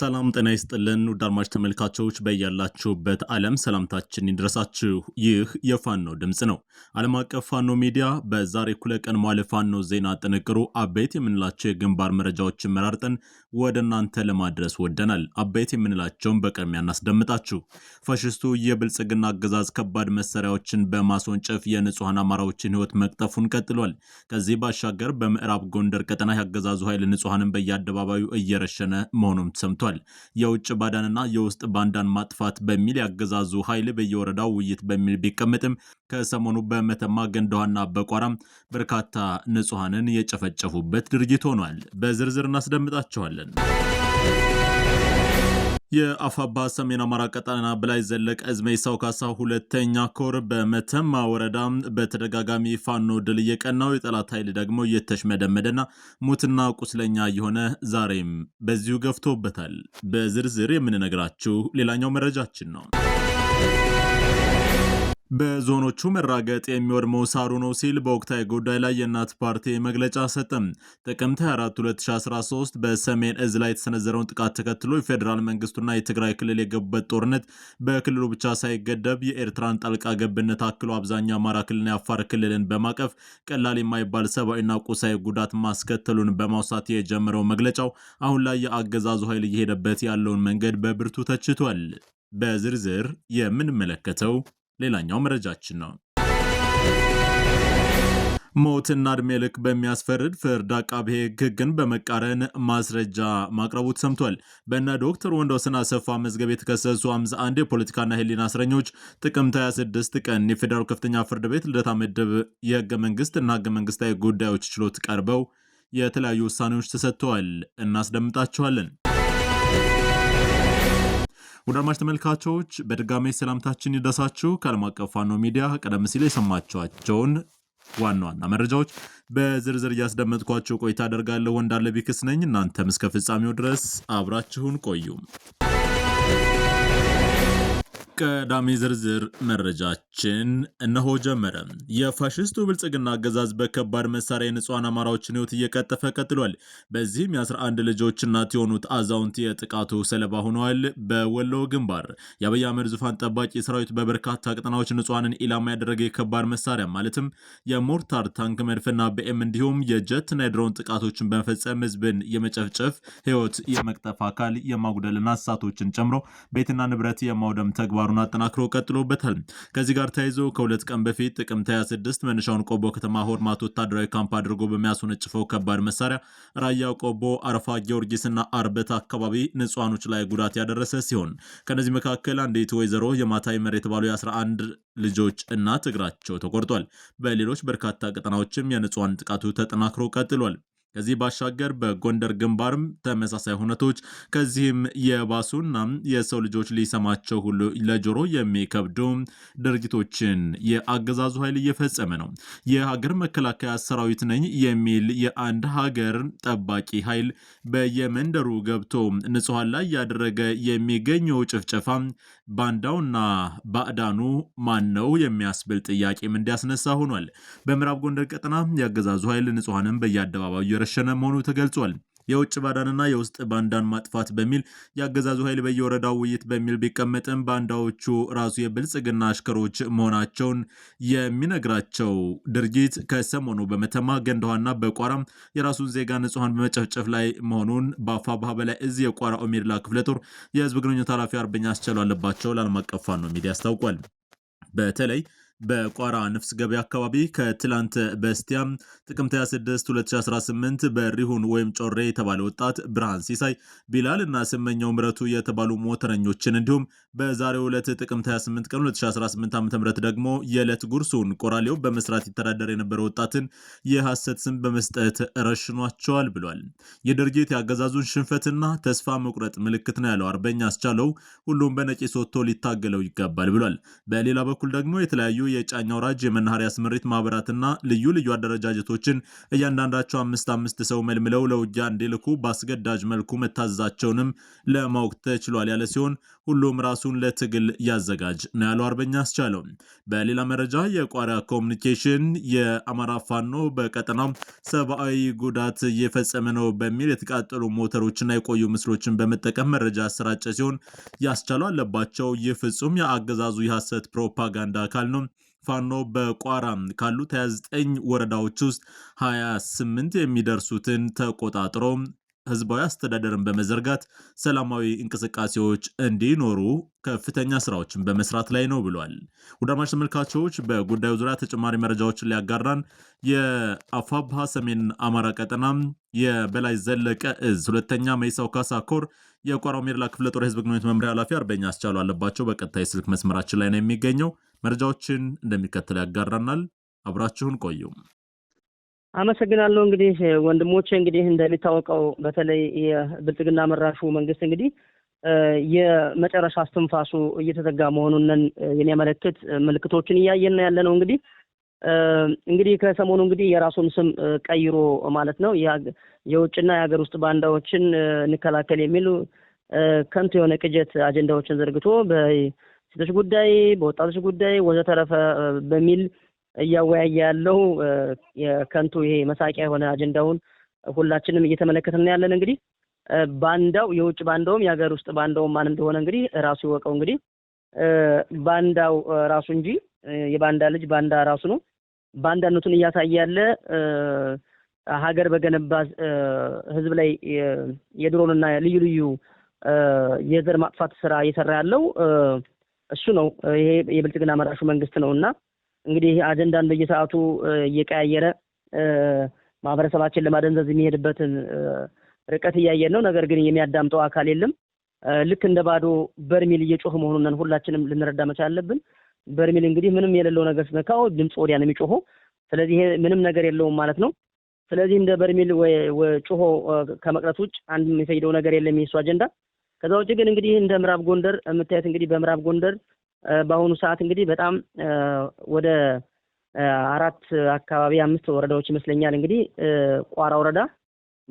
ሰላም ጤና ይስጥልን ውድ አድማጭ ተመልካቾች፣ በያላችሁበት ዓለም ሰላምታችን ይድረሳችሁ። ይህ የፋኖ ድምፅ ነው። ዓለም አቀፍ ፋኖ ሚዲያ በዛሬ እኩለ ቀን ማለ ፋኖ ዜና ጥንቅሩ አበይት የምንላቸው የግንባር መረጃዎችን መራርጠን ወደ እናንተ ለማድረስ ወደናል። አበይት የምንላቸውን በቅድሚያ እናስደምጣችሁ። ፋሽስቱ የብልጽግና አገዛዝ ከባድ መሳሪያዎችን በማስወንጨፍ የንጹሐን አማራዎችን ህይወት መቅጠፉን ቀጥሏል። ከዚህ ባሻገር በምዕራብ ጎንደር ቀጠና ያገዛዙ ኃይል ንጹሐንን በየአደባባዩ እየረሸነ መሆኑም ሰምቷል። የውጭ ባዳንና የውስጥ ባንዳን ማጥፋት በሚል ያገዛዙ ኃይል በየወረዳው ውይይት በሚል ቢቀመጥም ከሰሞኑ በመተማ ገንዳዋና በቋራም በርካታ ንጹሐንን የጨፈጨፉበት ድርጊት ሆኗል። በዝርዝር እናስደምጣችኋል። እናቀርባለን። የአፋባ ሰሜን አማራ ቀጠና በላይ ዘለቀ ዕዝ መይሳው ካሳ ሁለተኛ ኮር በመተማ ወረዳ በተደጋጋሚ ፋኖ ድል እየቀናው የጠላት ኃይል ደግሞ እየተሽመደመደና ሙትና ቁስለኛ የሆነ ዛሬም በዚሁ ገፍቶበታል። በዝርዝር የምንነግራችሁ ሌላኛው መረጃችን ነው። በዞኖቹ መራገጥ የሚወድመው ሳሩ ነው ሲል በወቅታዊ ጉዳይ ላይ የእናት ፓርቲ መግለጫ ሰጠም። ጥቅምት 24 2013 በሰሜን እዝ ላይ የተሰነዘረውን ጥቃት ተከትሎ የፌዴራል መንግስቱና የትግራይ ክልል የገቡበት ጦርነት በክልሉ ብቻ ሳይገደብ የኤርትራን ጣልቃ ገብነት አክሎ አብዛኛው አማራ ክልልና የአፋር ክልልን በማቀፍ ቀላል የማይባል ሰብአዊና ቁሳዊ ጉዳት ማስከተሉን በማውሳት የጀመረው መግለጫው አሁን ላይ የአገዛዙ ኃይል እየሄደበት ያለውን መንገድ በብርቱ ተችቷል። በዝርዝር የምንመለከተው ሌላኛው መረጃችን ነው። ሞትና እድሜ ልክ በሚያስፈርድ ፍርድ አቃቤ ሕግ ሕግን በመቃረን ማስረጃ ማቅረቡ ተሰምቷል። በእነ ዶክተር ወንዶስን አሰፋ መዝገብ የተከሰሱ 51 የፖለቲካና ሕሊና እስረኞች ጥቅምት 26 ቀን የፌዴራሉ ከፍተኛ ፍርድ ቤት ልደታ ምድብ የህገ መንግስት እና ህገ መንግስታዊ ጉዳዮች ችሎት ቀርበው የተለያዩ ውሳኔዎች ተሰጥተዋል። እናስደምጣችኋለን። ወደ አድማጭ ተመልካቾች በድጋሜ ሰላምታችን ይደሳችሁ። ከዓለም አቀፍ ፋኖ ሚዲያ ቀደም ሲል የሰማችኋቸውን ዋና ዋና መረጃዎች በዝርዝር እያስደመጥኳቸው ቆይታ አደርጋለሁ። ወንዳለ ቢክስ ነኝ። እናንተም እስከ ፍጻሜው ድረስ አብራችሁን ቆዩም። ቀዳሚ ዝርዝር መረጃችን እነሆ ጀመረ። የፋሽስቱ ብልጽግና አገዛዝ በከባድ መሳሪያ የንጹሐን አማራዎችን ህይወት እየቀጠፈ ቀጥሏል። በዚህም የ11 ልጆች እናት የሆኑት አዛውንት የጥቃቱ ሰለባ ሆነዋል። በወሎ ግንባር የአብይ አህመድ ዙፋን ጠባቂ ሰራዊት በበርካታ ቅጠናዎች ንጹሐንን ኢላማ ያደረገ የከባድ መሳሪያ ማለትም የሞርታር ታንክ፣ መድፍና በኤም እንዲሁም የጀትና የድሮን ጥቃቶችን በመፈጸም ህዝብን የመጨፍጨፍ ህይወት የመቅጠፍ አካል የማጉደልና እንስሳቶችን ጨምሮ ቤትና ንብረት የማውደም ተግባሩ ተግባሩን አጠናክሮ ቀጥሎበታል። ከዚህ ጋር ተያይዞ ከሁለት ቀን በፊት ጥቅምት 26 መነሻውን ቆቦ ከተማ ሆርማት ወታደራዊ ካምፕ አድርጎ በሚያስወነጭፈው ከባድ መሳሪያ ራያ ቆቦ፣ አረፋ ጊዮርጊስና አርበት አካባቢ ንጹሃኖች ላይ ጉዳት ያደረሰ ሲሆን ከነዚህ መካከል አንዲት ወይዘሮ የማታይ መር የተባሉ የ11 ልጆች እናት እግራቸው ተቆርጧል። በሌሎች በርካታ ቀጠናዎችም የንጹሃን ጥቃቱ ተጠናክሮ ቀጥሏል። ከዚህ ባሻገር በጎንደር ግንባርም ተመሳሳይ ሁነቶች ከዚህም የባሱና የሰው ልጆች ሊሰማቸው ሁሉ ለጆሮ የሚከብዱ ድርጊቶችን የአገዛዙ ኃይል እየፈጸመ ነው። የሀገር መከላከያ ሰራዊት ነኝ የሚል የአንድ ሀገር ጠባቂ ኃይል በየመንደሩ ገብቶ ንጹሐን ላይ እያደረገ የሚገኘው ጭፍጨፋ ባንዳውና ባዕዳኑ ማን ነው የሚያስብል ጥያቄም እንዲያስነሳ ሆኗል። በምዕራብ ጎንደር ቀጠና የአገዛዙ ኃይል ንጹሐንን በየአደባባዩ እየረሸነ መሆኑ ተገልጿል። የውጭ ባዳንና የውስጥ ባንዳን ማጥፋት በሚል የአገዛዙ ኃይል በየወረዳው ውይይት በሚል ቢቀመጥም ባንዳዎቹ ራሱ የብልጽግና አሽከሮች መሆናቸውን የሚነግራቸው ድርጊት ከሰሞኑ በመተማ ገንዳዋና በቋራም የራሱን ዜጋ ንጹሐን በመጨፍጨፍ ላይ መሆኑን በአፋ ባህ በላይ እዝ የቋራ ኦሜድላ ክፍለ ጦር የህዝብ ግንኙነት ኃላፊ አርበኛ አስቻሉ አለባቸው ለዓለም አቀፍ ፋኖ ሚዲያ አስታውቋል። በተለይ በቋራ ነፍስ ገበያ አካባቢ ከትላንት በስቲያ ጥቅምት 26 2018 በሪሁን ወይም ጮሬ የተባለ ወጣት ብርሃን ሲሳይ ቢላል እና ስመኛው ምረቱ የተባሉ ሞተረኞችን እንዲሁም በዛሬው ዕለት ጥቅምት 28 ቀን 2018 ዓ ም ደግሞ የዕለት ጉርሱን ቆራሌው በመስራት ይተዳደር የነበረ ወጣትን የሐሰት ስም በመስጠት ረሽኗቸዋል ብሏል። የድርጅት የአገዛዙን ሽንፈትና ተስፋ መቁረጥ ምልክት ነው ያለው አርበኛ አስቻለው ሁሉም በነቂስ ወጥቶ ሊታገለው ይገባል ብሏል። በሌላ በኩል ደግሞ የተለያዩ የጫኛ አውራጅ የመናኸሪያ ስምሪት ማህበራትና ልዩ ልዩ አደረጃጀቶችን እያንዳንዳቸው አምስት አምስት ሰው መልምለው ለውጊያ እንዲልኩ በአስገዳጅ መልኩ መታዘዛቸውንም ለማወቅ ተችሏል ያለ ሲሆን ሁሉም ራሱን ለትግል ያዘጋጅ ነው ያለው አርበኛ አስቻለው። በሌላ መረጃ የቋሪያ ኮሚኒኬሽን የአማራ ፋኖ በቀጠናው ሰብአዊ ጉዳት እየፈጸመ ነው በሚል የተቃጠሉ ሞተሮችና የቆዩ ምስሎችን በመጠቀም መረጃ ያሰራጨ ሲሆን ያስቻሉ አለባቸው ይህ ፍጹም የአገዛዙ የሐሰት ፕሮፓጋንዳ አካል ነው ፋኖ በቋራ ካሉት 29 ወረዳዎች ውስጥ 28 የሚደርሱትን ተቆጣጥሮ ህዝባዊ አስተዳደርን በመዘርጋት ሰላማዊ እንቅስቃሴዎች እንዲኖሩ ከፍተኛ ስራዎችን በመስራት ላይ ነው ብሏል። ውድ ተመልካቾች በጉዳዩ ዙሪያ ተጨማሪ መረጃዎችን ሊያጋራን የአፋብሃ ሰሜን አማራ ቀጠና የበላይ ዘለቀ እዝ ሁለተኛ መይሳው ካሳኮር የቋራው ሜድላ ክፍለ ጦር የህዝብ ግንኙነት መምሪያ ኃላፊ አርበኛ አስቻሉ አለባቸው በቀጥታ የስልክ መስመራችን ላይ ነው የሚገኘው። መረጃዎችን እንደሚከተል ያጋራናል። አብራችሁን ቆዩ። አመሰግናለሁ። እንግዲህ ወንድሞቼ እንግዲህ እንደሚታወቀው በተለይ የብልጽግና መራሹ መንግስት እንግዲህ የመጨረሻ እስትንፋሱ እየተዘጋ መሆኑን የሚያመለክት ምልክቶችን እያየን ያለ ነው እንግዲህ እንግዲህ ከሰሞኑ እንግዲህ የራሱን ስም ቀይሮ ማለት ነው የውጭና የሀገር ውስጥ ባንዳዎችን እንከላከል የሚሉ ከንቱ የሆነ ቅጀት አጀንዳዎችን ዘርግቶ በሴቶች ጉዳይ፣ በወጣቶች ጉዳይ ወዘተረፈ በሚል እያወያየ ያለው የከንቱ ይሄ መሳቂያ የሆነ አጀንዳውን ሁላችንም እየተመለከትን ነው ያለን። እንግዲህ ባንዳው የውጭ ባንዳውም የሀገር ውስጥ ባንዳውም ማን እንደሆነ እንግዲህ ራሱ ይወቀው። እንግዲህ ባንዳው ራሱ እንጂ የባንዳ ልጅ ባንዳ ራሱ ነው። ባንዳነቱን እያሳየ ያለ ሀገር በገነባ ህዝብ ላይ የድሮንና ልዩ ልዩ የዘር ማጥፋት ስራ እየሰራ ያለው እሱ ነው። ይሄ የብልጽግና መራሹ መንግስት ነው እና እንግዲህ አጀንዳን በየሰዓቱ እየቀያየረ ማህበረሰባችን ለማደንዘዝ የሚሄድበትን ርቀት እያየን ነው። ነገር ግን የሚያዳምጠው አካል የለም። ልክ እንደ ባዶ በርሜል እየጮህ መሆኑን ሁላችንም ልንረዳ መቻል አለብን። በርሚል እንግዲህ ምንም የሌለው ነገር ሲነካው ድምፅ ወዲያ ነው የሚጮኸው። ስለዚህ ይሄ ምንም ነገር የለውም ማለት ነው። ስለዚህ እንደ በርሚል ጮሆ ከመቅረት ውጭ አንድ የሚፈይደው ነገር የለም የሱ አጀንዳ። ከዛ ውጭ ግን እንግዲህ እንደ ምዕራብ ጎንደር የምታዩት እንግዲህ በምዕራብ ጎንደር በአሁኑ ሰዓት እንግዲህ በጣም ወደ አራት አካባቢ አምስት ወረዳዎች ይመስለኛል እንግዲህ ቋራ ወረዳ፣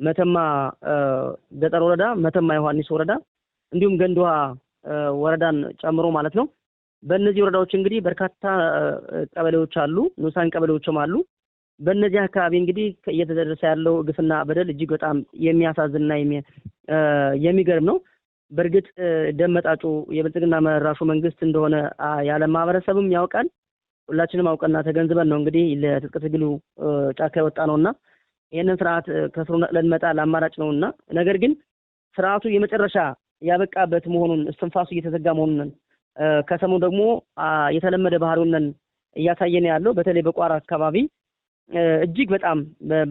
መተማ ገጠር ወረዳ፣ መተማ ዮሐንስ ወረዳ እንዲሁም ገንድዋ ወረዳን ጨምሮ ማለት ነው በእነዚህ ወረዳዎች እንግዲህ በርካታ ቀበሌዎች አሉ፣ ንዑሳን ቀበሌዎችም አሉ። በእነዚህ አካባቢ እንግዲህ እየተደረሰ ያለው ግፍና በደል እጅግ በጣም የሚያሳዝንና የሚገርም ነው። በእርግጥ ደመጣጩ የብልጽግና መራሹ መንግስት እንደሆነ ያለ ማህበረሰብም ያውቃል። ሁላችንም አውቀና ተገንዝበን ነው እንግዲህ ለትጥቅ ትግሉ ጫካ የወጣ እና ይህንን ስርዓት ከስሩ ነቅለን ለአማራጭ ነው ነውና ነገር ግን ስርዓቱ የመጨረሻ ያበቃበት መሆኑን እስትንፋሱ እየተዘጋ መሆኑን ከሰሞኑ ደግሞ የተለመደ ባህሪውን እያሳየን ያለው በተለይ በቋራ አካባቢ እጅግ በጣም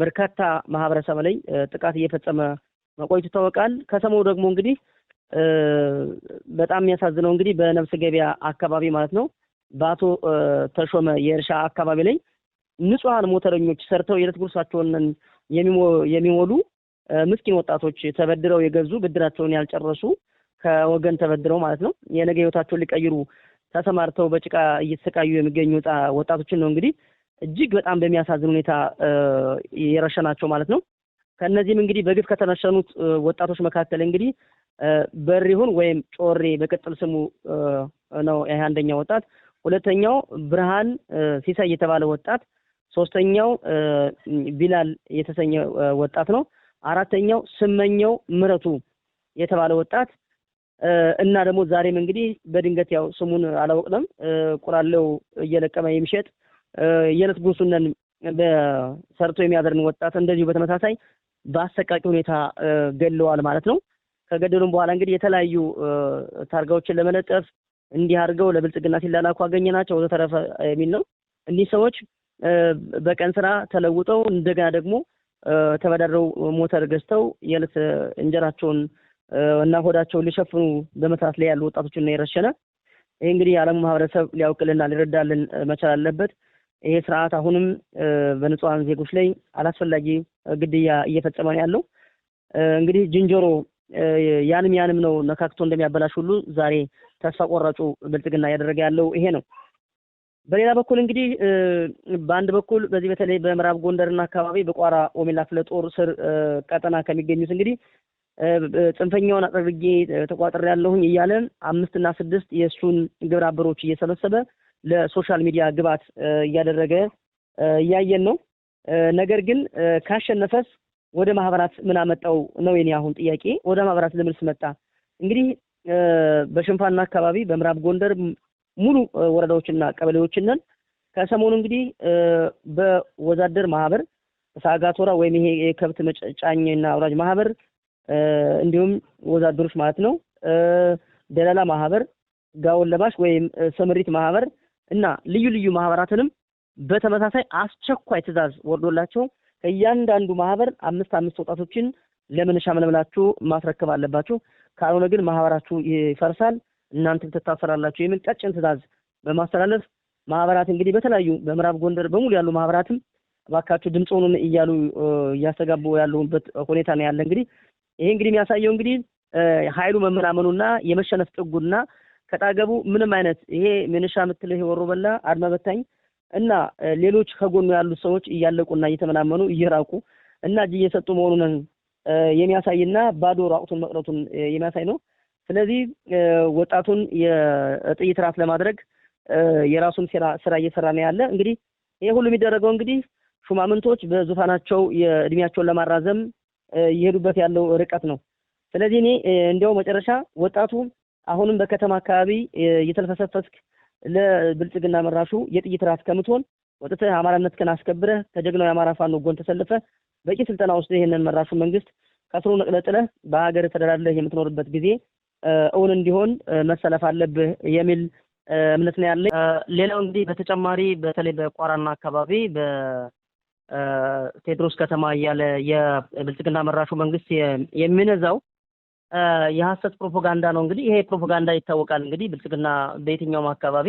በርካታ ማህበረሰብ ላይ ጥቃት እየፈጸመ መቆየቱ ይታወቃል። ከሰሞኑ ደግሞ እንግዲህ በጣም የሚያሳዝነው እንግዲህ በነፍስ ገበያ አካባቢ ማለት ነው በአቶ ተሾመ የእርሻ አካባቢ ላይ ንጹሐን ሞተረኞች ሰርተው የዕለት ጉርሳቸውን የሚሞሉ ምስኪን ወጣቶች ተበድረው የገዙ ብድራቸውን ያልጨረሱ ከወገን ተበድረው ማለት ነው የነገ ህይወታቸውን ሊቀይሩ ተሰማርተው በጭቃ እየተሰቃዩ የሚገኙ ወጣቶችን ነው እንግዲህ እጅግ በጣም በሚያሳዝን ሁኔታ የረሸናቸው ማለት ነው። ከእነዚህም እንግዲህ በግፍ ከተረሸኑት ወጣቶች መካከል እንግዲህ በሪሁን ወይም ጮሬ በቅጥል ስሙ ነው ይህ አንደኛው ወጣት፣ ሁለተኛው ብርሃን ሲሳይ የተባለ ወጣት፣ ሶስተኛው ቢላል የተሰኘ ወጣት ነው። አራተኛው ስመኘው ምረቱ የተባለ ወጣት እና ደግሞ ዛሬም እንግዲህ በድንገት ያው ስሙን አላወቅንም ቁራለው እየለቀመ የሚሸጥ የዕለት ጉርሱነን በሰርቶ የሚያደርን ወጣት እንደዚሁ በተመሳሳይ በአሰቃቂ ሁኔታ ገለዋል ማለት ነው። ከገደሉም በኋላ እንግዲህ የተለያዩ ታርጋዎችን ለመለጠፍ እንዲህ አድርገው ለብልጽግና ሲላላኩ አገኘናቸው ወዘተረፈ የሚል ነው። እኒህ ሰዎች በቀን ስራ ተለውጠው እንደገና ደግሞ ተበዳድረው ሞተር ገዝተው የዕለት እንጀራቸውን እና ሆዳቸውን ሊሸፍኑ በመስራት ላይ ያሉ ወጣቶችን ነው የረሸነ። ይህ እንግዲህ የዓለሙ ማህበረሰብ ሊያውቅልና ሊረዳልን መቻል አለበት። ይሄ ስርዓት አሁንም በንጹሐን ዜጎች ላይ አላስፈላጊ ግድያ እየፈጸመ ነው ያለው። እንግዲህ ዝንጀሮ ያንም ያንም ነው ነካክቶ እንደሚያበላሽ ሁሉ ዛሬ ተስፋ ቆራጩ ብልጽግና እያደረገ ያለው ይሄ ነው። በሌላ በኩል እንግዲህ በአንድ በኩል በዚህ በተለይ በምዕራብ ጎንደርና አካባቢ በቋራ ኦሜላ ክፍለ ጦር ስር ቀጠና ከሚገኙት እንግዲህ ጽንፈኛውን አጥርጌ ተቋጥሬ ያለሁኝ እያለ አምስትና ስድስት የእሱን ግብረ አበሮች እየሰበሰበ ለሶሻል ሚዲያ ግብዓት እያደረገ እያየን ነው። ነገር ግን ካሸነፈስ ወደ ማህበራት ምን አመጣው ነው የኔ አሁን ጥያቄ። ወደ ማህበራት ለምንስ መጣ? እንግዲህ በሽንፋና አካባቢ በምዕራብ ጎንደር ሙሉ ወረዳዎችና ቀበሌዎችንን ከሰሞኑ እንግዲህ በወዛደር ማህበር ሳጋቶራ ወይም ይሄ የከብት መጫኝና አውራጅ ማህበር እንዲሁም ወዛደሮች ማለት ነው፣ ደላላ ማህበር፣ ጋውን ለባሽ ወይም ሰምሪት ማህበር እና ልዩ ልዩ ማህበራትንም በተመሳሳይ አስቸኳይ ትዕዛዝ ወርዶላቸው ከእያንዳንዱ ማህበር አምስት አምስት ወጣቶችን ለምንሻ መለመላችሁ ማስረከብ አለባችሁ፣ ካልሆነ ግን ማህበራችሁ ይፈርሳል፣ እናንተም ትታሰራላችሁ የሚል ቀጭን ትዕዛዝ በማስተላለፍ ማህበራት እንግዲህ በተለያዩ በምዕራብ ጎንደር በሙሉ ያሉ ማህበራትም እባካችሁ ድምፅ ሆኑን እያሉ እያስተጋቡ ያሉበት ሁኔታ ነው ያለ እንግዲህ ይሄ እንግዲህ የሚያሳየው እንግዲህ ኃይሉ መመናመኑና የመሸነፍ ጥጉና ከጣገቡ ምንም አይነት ይሄ ምንሻ ምትል ይሄ ወሮ በላ አድማ በታኝ እና ሌሎች ከጎኑ ያሉ ሰዎች እያለቁና እየተመናመኑ እየራቁ እና እጅ እየሰጡ መሆኑን የሚያሳይና ባዶ ራቁቱን መቅረቱን የሚያሳይ ነው። ስለዚህ ወጣቱን የጥይት ራት ለማድረግ የራሱን ስራ እየሰራ ነው ያለ። እንግዲህ ይሄ ሁሉ የሚደረገው እንግዲህ ሹማምንቶች በዙፋናቸው የእድሜያቸውን ለማራዘም እየሄዱበት ያለው ርቀት ነው። ስለዚህ እኔ እንዲያው መጨረሻ ወጣቱ አሁንም በከተማ አካባቢ እየተልፈሰፈስክ ለብልጽግና መራሹ የጥይት ራት ከምትሆን ወጥተህ አማራነትህን አስከብረህ ከጀግናው የአማራ ፋኖ ጎን ተሰልፈ በቂ ስልጠና ውስጥ ይህንን መራሹ መንግስት ከስሩ ነቅለህ በሀገር ተደላድለህ የምትኖርበት ጊዜ እውን እንዲሆን መሰለፍ አለብህ የሚል እምነት ነው ያለኝ። ሌላው እንግዲህ በተጨማሪ በተለይ በቋራና አካባቢ ቴድሮስ ከተማ እያለ የብልጽግና መራሹ መንግስት የሚነዛው የሀሰት ፕሮፓጋንዳ ነው። እንግዲህ ይሄ ፕሮፓጋንዳ ይታወቃል። እንግዲህ ብልጽግና በየትኛውም አካባቢ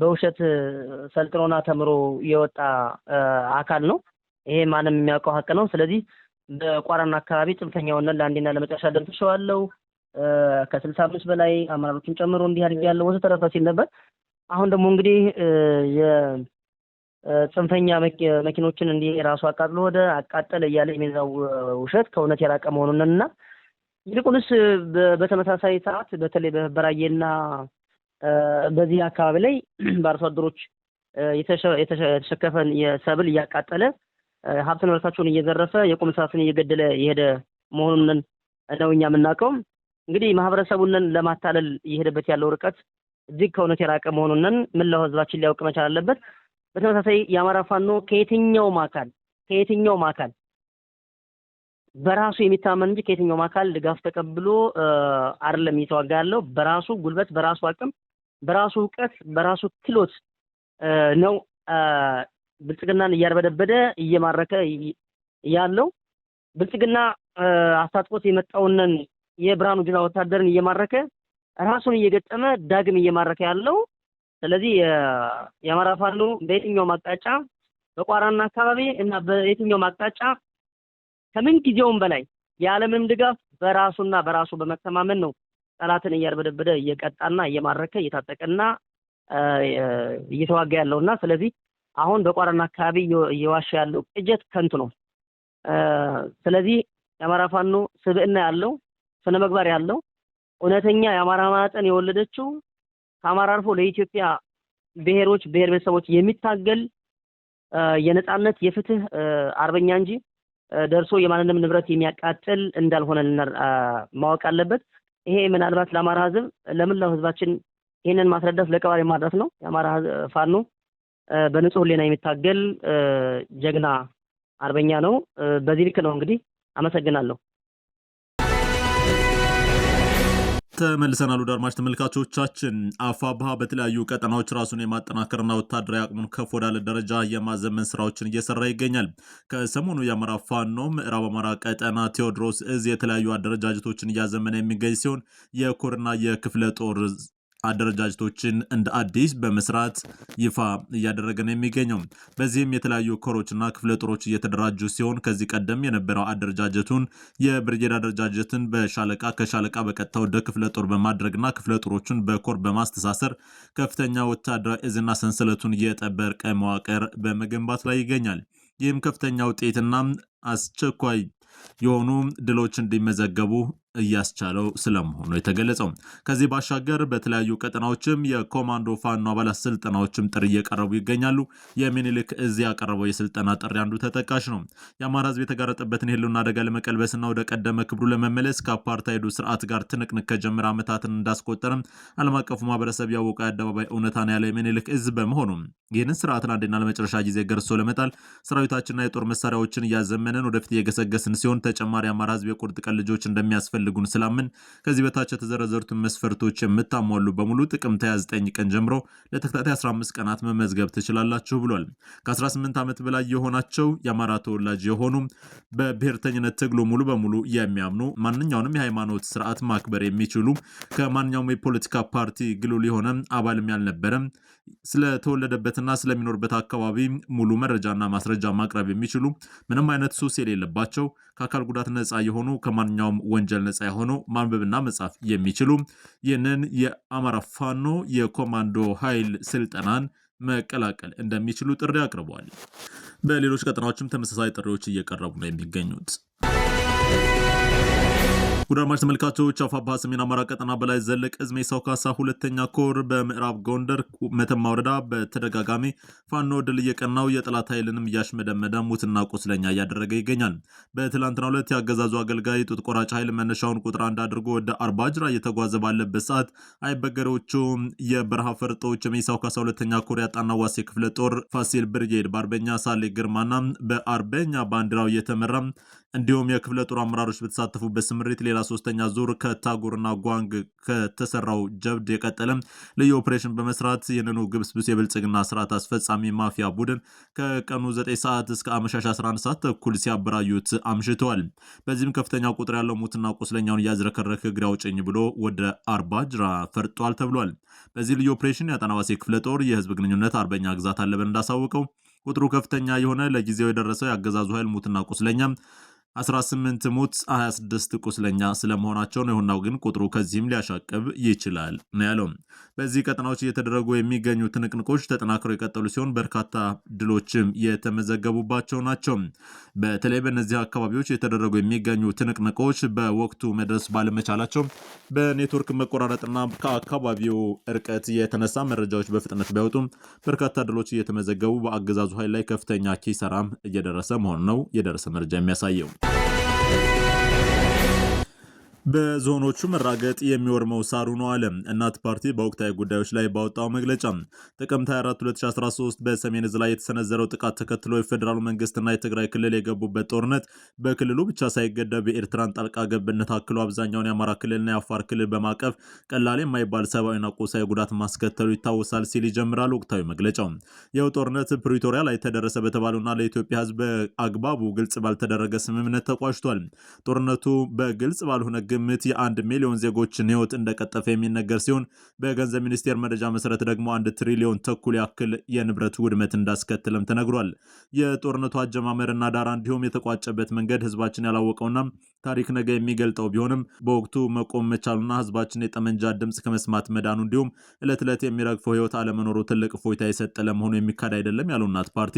በውሸት ሰልጥኖና ተምሮ የወጣ አካል ነው። ይሄ ማንም የሚያውቀው ሀቅ ነው። ስለዚህ በቋራና አካባቢ ጽንፈኛ ሆነን ለአንዴና ለመጨረሻ ደምስሸዋለሁ ከስልሳ አምስት በላይ አመራሮችን ጨምሮ እንዲህ አድርጌያለሁ ወዘተረፈ ሲል ነበር። አሁን ደግሞ እንግዲህ ጽንፈኛ መኪኖችን እንዲህ ራሱ አቃጥሎ ወደ አቃጠለ እያለ የሚዛው ውሸት ከእውነት የራቀ መሆኑንና ይልቁንስ በተመሳሳይ ሰዓት በተለይ በበራዬና በዚህ አካባቢ ላይ በአርሶ አደሮች የተሸከፈን የሰብል እያቃጠለ ሀብት ንብረታቸውን እየዘረፈ የቁም ሰዓትን እየገደለ የሄደ መሆኑን ነው እኛ የምናውቀው። እንግዲህ ማህበረሰቡንን ለማታለል እየሄደበት ያለው ርቀት እጅግ ከእውነት የራቀ መሆኑንን ምን ላው ህዝባችን ሊያውቅ መቻል አለበት። በተመሳሳይ የአማራ ፋኖ ከየትኛውም አካል ከየትኛውም አካል በራሱ የሚታመን እንጂ ከየትኛውም አካል ድጋፍ ተቀብሎ አይደለም እየተዋጋ ያለው። በራሱ ጉልበት፣ በራሱ አቅም፣ በራሱ እውቀት፣ በራሱ ክሎት ነው ብልጽግናን እያርበደበደ እየማረከ ያለው። ብልጽግና አስታጥቆት የመጣውን የብርሃኑ ጁላ ወታደርን እየማረከ ራሱን እየገጠመ ዳግም እየማረከ ያለው ስለዚህ የአማራ ፋኖ በየትኛውም አቅጣጫ በቋራና አካባቢ እና በየትኛውም አቅጣጫ ከምን ጊዜውም በላይ የዓለምም ድጋፍ በራሱና በራሱ በመተማመን ነው ጠላትን እያርበደበደ እየቀጣና እየማረከ እየታጠቀና እየተዋጋ ያለውና ስለዚህ አሁን በቋራና አካባቢ እየዋሸ ያለው ቅጀት ከንቱ ነው። ስለዚህ የአማራ ፋኖ ስብዕና ያለው ስነ መግባር ያለው እውነተኛ የአማራ ማጠን የወለደችው ከአማራ አልፎ ለኢትዮጵያ ብሔሮች ብሔር ቤተሰቦች የሚታገል የነጻነት የፍትህ አርበኛ እንጂ ደርሶ የማንንም ንብረት የሚያቃጥል እንዳልሆነ ማወቅ አለበት። ይሄ ምናልባት ለአማራ ህዝብ ለምንላው ህዝባችን ይህንን ማስረዳት ለቀባሪ ማድረስ ነው። የአማራ ፋኖ በንጹህ ህሊና የሚታገል ጀግና አርበኛ ነው። በዚህ ልክ ነው እንግዲህ። አመሰግናለሁ። ተመልሰናል ወደ አድማጭ ተመልካቾቻችን። አፋብሃ በተለያዩ ቀጠናዎች ራሱን የማጠናከርና ወታደራዊ አቅሙን ከፍ ወዳለ ደረጃ የማዘመን ስራዎችን እየሰራ ይገኛል። ከሰሞኑ የአማራ ፋኖ ምዕራብ አማራ ቀጠና ቴዎድሮስ እዝ የተለያዩ አደረጃጀቶችን እያዘመነ የሚገኝ ሲሆን የኮርና የክፍለ ጦር አደረጃጀቶችን እንደ አዲስ በመስራት ይፋ እያደረገ ነው የሚገኘው። በዚህም የተለያዩ ኮሮችና ክፍለ ጦሮች እየተደራጁ ሲሆን ከዚህ ቀደም የነበረው አደረጃጀቱን የብርጌድ አደረጃጀትን በሻለቃ ከሻለቃ በቀጥታ ወደ ክፍለ ጦር በማድረግና ክፍለ ጦሮቹን በኮር በማስተሳሰር ከፍተኛ ወታደራዊ እዝና ሰንሰለቱን የጠበቀ መዋቅር በመገንባት ላይ ይገኛል። ይህም ከፍተኛ ውጤትና አስቸኳይ የሆኑ ድሎች እንዲመዘገቡ እያስቻለው ስለመሆኑ የተገለጸው። ከዚህ ባሻገር በተለያዩ ቀጠናዎችም የኮማንዶ ፋኖ አባላት ስልጠናዎችም ጥሪ እየቀረቡ ይገኛሉ። የሚኒልክ እዝ ያቀረበው የስልጠና ጥሪ አንዱ ተጠቃሽ ነው። የአማራ ህዝብ የተጋረጠበትን የህልውና አደጋ ለመቀልበስና ወደ ቀደመ ክብሩ ለመመለስ ከአፓርታይዱ ስርዓት ጋር ትንቅንቅ ከጀመረ ዓመታትን እንዳስቆጠርም ዓለም አቀፉ ማህበረሰብ ያወቀ የአደባባይ እውነታን ያለ የሚኒልክ እዝ በመሆኑ ይህንን ስርዓትን አንዴና ለመጨረሻ ጊዜ ገርሶ ለመጣል ሰራዊታችንና የጦር መሳሪያዎችን እያዘመንን ወደፊት እየገሰገስን ሲሆን ተጨማሪ አማራ ህዝብ የቁርጥ ቀን ልጆች እንደሚያስፈልግ እንደሚያስፈልጉን ስላምን ከዚህ በታች የተዘረዘሩትን መስፈርቶች የምታሟሉ በሙሉ ጥቅምት 29 ቀን ጀምሮ ለተከታታይ 15 ቀናት መመዝገብ ትችላላችሁ ብሏል። ከ18 ዓመት በላይ የሆናቸው የአማራ ተወላጅ የሆኑ በብሔርተኝነት ትግሉ ሙሉ በሙሉ የሚያምኑ ማንኛውንም የሃይማኖት ስርዓት ማክበር የሚችሉ ከማንኛውም የፖለቲካ ፓርቲ ግሉል የሆነ አባልም ያልነበረም ስለተወለደበትና ስለሚኖርበት አካባቢ ሙሉ መረጃና ማስረጃ ማቅረብ የሚችሉ ምንም አይነት ሱስ የሌለባቸው ከአካል ጉዳት ነፃ የሆኑ ከማንኛውም ወንጀል ነፃ የሆኑ ማንበብና መጻፍ የሚችሉ ይህንን የአማራ ፋኖ የኮማንዶ ኃይል ስልጠናን መቀላቀል እንደሚችሉ ጥሪ አቅርበዋል። በሌሎች ቀጠናዎችም ተመሳሳይ ጥሪዎች እየቀረቡ ነው የሚገኙት። ጉዳማች ተመልካቾች አፋባ ሰሜን አማራ ቀጠና በላይ ዘለቀ እዝሜ ሰው ካሳ ሁለተኛ ኮር በምዕራብ ጎንደር መተማ ወረዳ በተደጋጋሚ ፋኖ ድል እየቀናው የጠላት ኃይልንም እያሽመደመደ ሙትና ቁስለኛ እያደረገ ይገኛል። በትላንትና ሁለት የአገዛዙ አገልጋይ ጡት ቆራጭ ኃይል መነሻውን ቁጥር አንድ አድርጎ ወደ ጅራ እየተጓዘ ባለበት ሰዓት አይበገሮቹ የበረሃ ፈርጦች የሜሳው ካሳ ሁለተኛ ኮር ያጣና ዋሴ ክፍለ ጦር ፋሲል ብርጌድ በአርበኛ ሳሌ ግርማና በአርበኛ ባንዲራው እየተመራ እንዲሁም የክፍለ ጦር አመራሮች በተሳተፉበት ስምሪት ሌላ ሶስተኛ ዙር ከታጉርና ጓንግ ከተሰራው ጀብድ የቀጠለም ልዩ ኦፕሬሽን በመስራት ይህንኑ ግብስብስ የብልጽግና ስርዓት አስፈጻሚ ማፊያ ቡድን ከቀኑ 9 ሰዓት እስከ አመሻሽ 11 ሰዓት ተኩል ሲያበራዩት አምሽተዋል። በዚህም ከፍተኛ ቁጥር ያለው ሙትና ቁስለኛውን እያዝረከረከ እግሬ አውጭኝ ብሎ ወደ አርባ ጅራ ፈርጧል ተብሏል። በዚህ ልዩ ኦፕሬሽን የአጠናዋሴ ክፍለ ጦር የህዝብ ግንኙነት አርበኛ ግዛት አለበን እንዳሳወቀው ቁጥሩ ከፍተኛ የሆነ ለጊዜው የደረሰው የአገዛዙ ኃይል ሙትና ቁስለኛ 18 ሙት 26 ቁስለኛ ስለመሆናቸው ነው። ይሁንና ግን ቁጥሩ ከዚህም ሊያሻቅብ ይችላል ነው ያለው። በዚህ ቀጠናዎች እየተደረጉ የሚገኙ ትንቅንቆች ተጠናክረው የቀጠሉ ሲሆን በርካታ ድሎችም የተመዘገቡባቸው ናቸው። በተለይ በእነዚህ አካባቢዎች የተደረጉ የሚገኙ ትንቅንቆች በወቅቱ መድረስ ባለመቻላቸው በኔትወርክ መቆራረጥና ከአካባቢው እርቀት የተነሳ መረጃዎች በፍጥነት ባይወጡም በርካታ ድሎች እየተመዘገቡ በአገዛዙ ኃይል ላይ ከፍተኛ ኪሳራም እየደረሰ መሆኑ ነው የደረሰ መረጃ የሚያሳየው። Thank you. በዞኖቹ መራገጥ የሚወርመው ሳሩ ነው አለ እናት ፓርቲ በወቅታዊ ጉዳዮች ላይ ባወጣው መግለጫ። ጥቅምት 24 2013 በሰሜን ዕዝ ላይ የተሰነዘረው ጥቃት ተከትሎ የፌዴራሉ መንግስትና የትግራይ ክልል የገቡበት ጦርነት በክልሉ ብቻ ሳይገደብ የኤርትራን ጣልቃ ገብነት አክሎ አብዛኛውን የአማራ ክልልና የአፋር ክልል በማቀፍ ቀላል የማይባል ሰብአዊና ቁሳዊ ጉዳት ማስከተሉ ይታወሳል ሲል ይጀምራል ወቅታዊ መግለጫው። ይኸው ጦርነት ፕሪቶሪያ ላይ ተደረሰ በተባሉና ለኢትዮጵያ ህዝብ በአግባቡ ግልጽ ባልተደረገ ስምምነት ተቋጭቷል። ጦርነቱ በግልጽ ባልሆነ ግምት የአንድ ሚሊዮን ዜጎችን ህይወት እንደቀጠፈ የሚነገር ሲሆን በገንዘብ ሚኒስቴር መረጃ መሰረት ደግሞ አንድ ትሪሊዮን ተኩል ያክል የንብረት ውድመት እንዳስከትለም ተነግሯል። የጦርነቱ አጀማመርና ዳራ እንዲሁም የተቋጨበት መንገድ ህዝባችን ያላወቀውና ታሪክ ነገ የሚገልጠው ቢሆንም በወቅቱ መቆም መቻሉና ህዝባችን የጠመንጃ ድምፅ ከመስማት መዳኑ እንዲሁም ዕለት ዕለት የሚረግፈው ህይወት አለመኖሩ ትልቅ እፎይታ የሰጠ ለመሆኑ የሚካድ አይደለም ያለው እናት ፓርቲ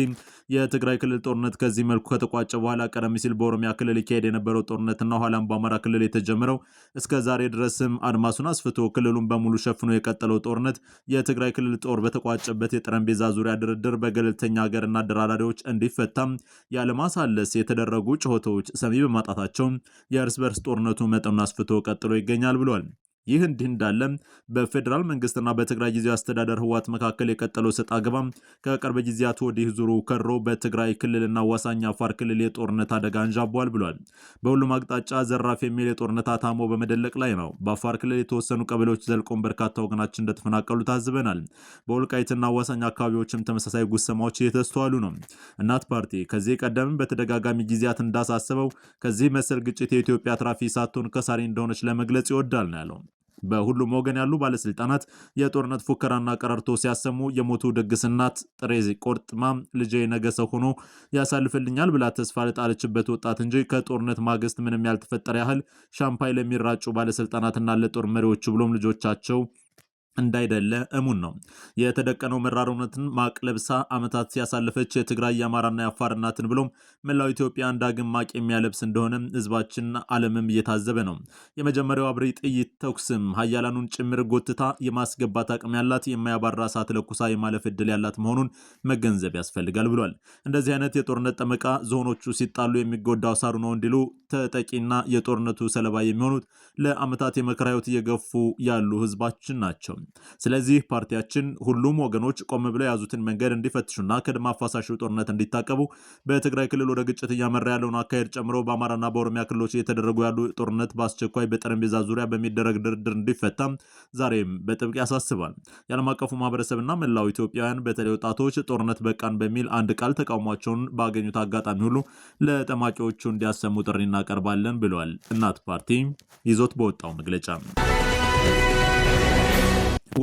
የትግራይ ክልል ጦርነት ከዚህ መልኩ ከተቋጨ በኋላ ቀደም ሲል በኦሮሚያ ክልል ይካሄድ የነበረው ጦርነትና ኋላም በአማራ ክልል የተጀመረ የተጀመረው እስከ ዛሬ ድረስም አድማሱን አስፍቶ ክልሉን በሙሉ ሸፍኖ የቀጠለው ጦርነት የትግራይ ክልል ጦር በተቋጨበት የጠረጴዛ ዙሪያ ድርድር በገለልተኛ ሀገርና አደራዳሪዎች እንዲፈታም ያለማሳለስ የተደረጉ ጩኸቶች ሰሚ በማጣታቸው የእርስ በርስ ጦርነቱ መጠኑን አስፍቶ ቀጥሎ ይገኛል ብሏል። ይህ እንዲህ እንዳለ በፌዴራል መንግስትና በትግራይ ጊዜ አስተዳደር ህወሓት መካከል የቀጠለው ሰጥ አገባ ከቅርብ ጊዜያት ወዲህ ዙሩ ከሮ በትግራይ ክልልና ወሳኝ አፋር ክልል የጦርነት አደጋ አንዣቧል ብሏል። በሁሉም አቅጣጫ ዘራፍ የሚል የጦርነት አታሞ በመደለቅ ላይ ነው። በአፋር ክልል የተወሰኑ ቀበሌዎች ዘልቆን በርካታ ወገናችን እንደተፈናቀሉ ታዝበናል። በወልቃይትና ወሳኝ አካባቢዎችም ተመሳሳይ ጉሰማዎች እየተስተዋሉ ነው። እናት ፓርቲ ከዚህ ቀደም በተደጋጋሚ ጊዜያት እንዳሳሰበው ከዚህ መሰል ግጭት የኢትዮጵያ ትራፊ ሳትሆን ከሳሪ እንደሆነች ለመግለጽ ይወዳል ነው ያለው። በሁሉም ወገን ያሉ ባለስልጣናት የጦርነት ፉከራና ቀረርቶ ሲያሰሙ የሞቱ ደግስናት ጥሬዝ ቆርጥማ ልጄ ነገ ሰው ሆኖ ያሳልፍልኛል ብላ ተስፋ ለጣለችበት ወጣት እንጂ ከጦርነት ማግስት ምንም ያልተፈጠረ ያህል ሻምፓይ ለሚራጩ ባለስልጣናትና ለጦር መሪዎቹ ብሎም ልጆቻቸው እንዳይደለ እሙን ነው። የተደቀነው መራር እውነትን ማቅ ለብሳ ዓመታት ያሳለፈች የትግራይ የአማራና የአፋር እናትን ብሎም መላው ኢትዮጵያ ዳግም ማቅ የሚያለብስ እንደሆነ ህዝባችን ዓለምም እየታዘበ ነው። የመጀመሪያው አብሪ ጥይት ተኩስም ሀያላኑን ጭምር ጎትታ የማስገባት አቅም ያላት የማያባራ እሳት ለኩሳ የማለፍ እድል ያላት መሆኑን መገንዘብ ያስፈልጋል ብሏል። እንደዚህ አይነት የጦርነት ጠመቃ ዞኖቹ ሲጣሉ የሚጎዳው ሳሩ ነው እንዲሉ ተጠቂና የጦርነቱ ሰለባ የሚሆኑት ለዓመታት የመከራ ህይወት እየገፉ ያሉ ህዝባችን ናቸው። ስለዚህ ፓርቲያችን ሁሉም ወገኖች ቆም ብለው የያዙትን መንገድ እንዲፈትሹና ከደም አፋሳሹ ጦርነት እንዲታቀቡ በትግራይ ክልል ወደ ግጭት እያመራ ያለውን አካሄድ ጨምሮ በአማራና በኦሮሚያ ክልሎች እየተደረጉ ያሉ ጦርነት በአስቸኳይ በጠረጴዛ ዙሪያ በሚደረግ ድርድር እንዲፈታ ዛሬም በጥብቅ ያሳስባል። የዓለም አቀፉ ማህበረሰብና መላው ኢትዮጵያውያን በተለይ ወጣቶች ጦርነት በቃን በሚል አንድ ቃል ተቃውሟቸውን ባገኙት አጋጣሚ ሁሉ ለጠማቂዎቹ እንዲያሰሙ ጥሪ እናቀርባለን ብለዋል እናት ፓርቲ ይዞት በወጣው መግለጫ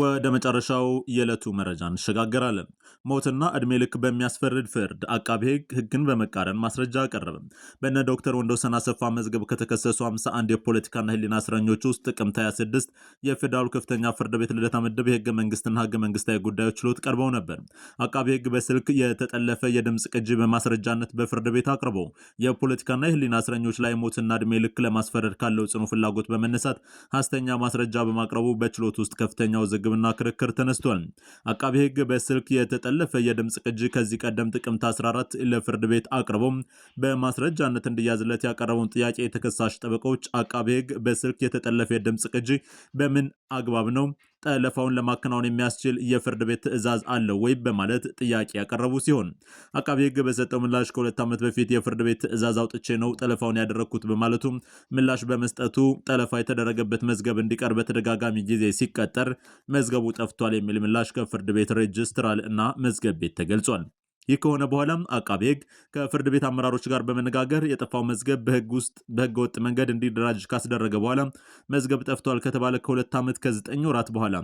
ወደ መጨረሻው የዕለቱ መረጃ እንሸጋገራለን። ሞትና እድሜ ልክ በሚያስፈርድ ፍርድ አቃቤ ሕግ ሕግን በመቃረን ማስረጃ አቀረበ። በነ ዶክተር ወንዶሰን አሰፋ መዝገብ ከተከሰሱ 51 የፖለቲካና ሕሊና እስረኞች ውስጥ ጥቅምት 26 የፌዴራሉ ከፍተኛ ፍርድ ቤት ልደታ ምድብ የሕገ መንግስትና ሕገ መንግስታዊ ጉዳዮች ችሎት ቀርበው ነበር። አቃቤ ሕግ በስልክ የተጠለፈ የድምፅ ቅጂ በማስረጃነት በፍርድ ቤት አቅርቦ የፖለቲካና የሕሊና እስረኞች ላይ ሞትና እድሜ ልክ ለማስፈረድ ካለው ጽኑ ፍላጎት በመነሳት ሐሰተኛ ማስረጃ በማቅረቡ በችሎት ውስጥ ከፍተኛው ውዝግብና ክርክር ተነስቷል። አቃቢ ህግ በስልክ የተጠለፈ የድምፅ ቅጂ ከዚህ ቀደም ጥቅምት 14 ለፍርድ ቤት አቅርቦ በማስረጃነት እንዲያዝለት ያቀረበውን ጥያቄ የተከሳሽ ጠበቃዎች አቃቢ ህግ በስልክ የተጠለፈ የድምፅ ቅጂ በምን አግባብ ነው ጠለፋውን ለማከናወን የሚያስችል የፍርድ ቤት ትዕዛዝ አለው ወይ በማለት ጥያቄ ያቀረቡ ሲሆን አቃቢ ሕግ በሰጠው ምላሽ ከሁለት ዓመት በፊት የፍርድ ቤት ትዕዛዝ አውጥቼ ነው ጠለፋውን ያደረግኩት በማለቱ ምላሽ በመስጠቱ ጠለፋ የተደረገበት መዝገብ እንዲቀር በተደጋጋሚ ጊዜ ሲቀጠር መዝገቡ ጠፍቷል የሚል ምላሽ ከፍርድ ቤት ሬጅስትራል እና መዝገብ ቤት ተገልጿል። ይህ ከሆነ በኋላም አቃቤ ሕግ ከፍርድ ቤት አመራሮች ጋር በመነጋገር የጠፋው መዝገብ በሕግ ውስጥ በሕገ ወጥ መንገድ እንዲደራጅ ካስደረገ በኋላ መዝገብ ጠፍቷል ከተባለ ከሁለት ዓመት ከዘጠኝ ወራት በኋላ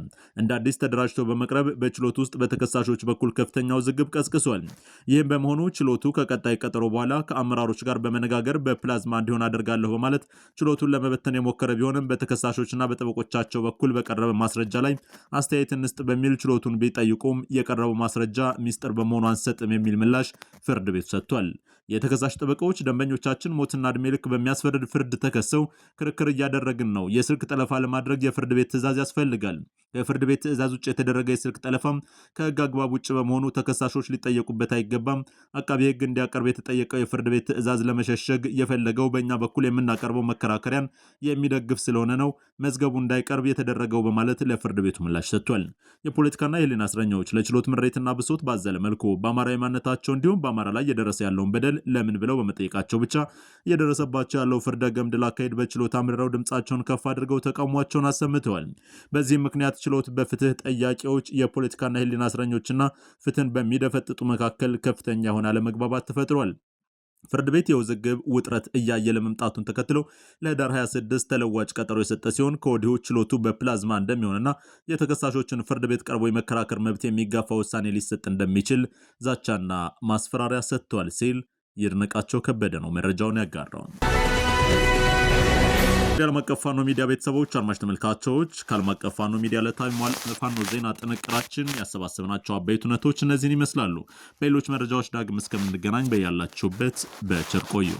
እንደ አዲስ ተደራጅቶ በመቅረብ በችሎት ውስጥ በተከሳሾች በኩል ከፍተኛ ውዝግብ ቀስቅሷል። ይህም በመሆኑ ችሎቱ ከቀጣይ ቀጠሮ በኋላ ከአመራሮች ጋር በመነጋገር በፕላዝማ እንዲሆን አደርጋለሁ በማለት ችሎቱን ለመበተን የሞከረ ቢሆንም በተከሳሾችና በጠበቆቻቸው በኩል በቀረበ ማስረጃ ላይ አስተያየት እንስጥ በሚል ችሎቱን ቢጠይቁም የቀረበው ማስረጃ ሚስጥር በመሆኑ አንሰጥም የሚል ምላሽ ፍርድ ቤቱ ሰጥቷል። የተከሳሽ ጠበቃዎች ደንበኞቻችን ሞትና እድሜ ልክ በሚያስፈርድ ፍርድ ተከሰው ክርክር እያደረግን ነው። የስልክ ጠለፋ ለማድረግ የፍርድ ቤት ትዕዛዝ ያስፈልጋል። ከፍርድ ቤት ትዕዛዝ ውጭ የተደረገ የስልክ ጠለፋም ከህግ አግባብ ውጭ በመሆኑ ተከሳሾች ሊጠየቁበት አይገባም። አቃቢ ህግ እንዲያቀርብ የተጠየቀው የፍርድ ቤት ትዕዛዝ ለመሸሸግ የፈለገው በእኛ በኩል የምናቀርበው መከራከሪያን የሚደግፍ ስለሆነ ነው መዝገቡ እንዳይቀርብ የተደረገው በማለት ለፍርድ ቤቱ ምላሽ ሰጥቷል። የፖለቲካና የህሊና እስረኛዎች ለችሎት ምሬትና ብሶት ባዘለ መልኩ በአማራዊ ማንነታቸው እንዲሁም በአማራ ላይ እየደረሰ ያለውን በደል ለምን ብለው በመጠየቃቸው ብቻ እየደረሰባቸው ያለው ፍርደ ገምድል አካሄድ በችሎት አምርረው ድምፃቸውን ከፍ አድርገው ተቃውሟቸውን አሰምተዋል። በዚህም ምክንያት ችሎት በፍትህ ጠያቂዎች የፖለቲካና ህሊና እስረኞችና ፍትህን በሚደፈጥጡ መካከል ከፍተኛ የሆነ አለመግባባት ተፈጥሯል። ፍርድ ቤት የውዝግብ ውጥረት እያየለ መምጣቱን ተከትሎ ለህዳር 26 ተለዋጭ ቀጠሮ የሰጠ ሲሆን ከወዲሁ ችሎቱ በፕላዝማ እንደሚሆንና የተከሳሾችን ፍርድ ቤት ቀርቦ የመከራከር መብት የሚጋፋ ውሳኔ ሊሰጥ እንደሚችል ዛቻና ማስፈራሪያ ሰጥቷል ሲል ይድነቃቸው ከበደ ነው መረጃውን ያጋራውን። የዓለም አቀፍ ፋኖ ሚዲያ ቤተሰቦች አድማጭ ተመልካቾች ከዓለም አቀፍ ፋኖ ሚዲያ ለታይም ለፋኖ ዜና ጥንቅራችን ያሰባሰብናቸው አበይት እውነቶች እነዚህን ይመስላሉ። በሌሎች መረጃዎች ዳግም እስከምንገናኝ በያላችሁበት በቸር ቆዩ።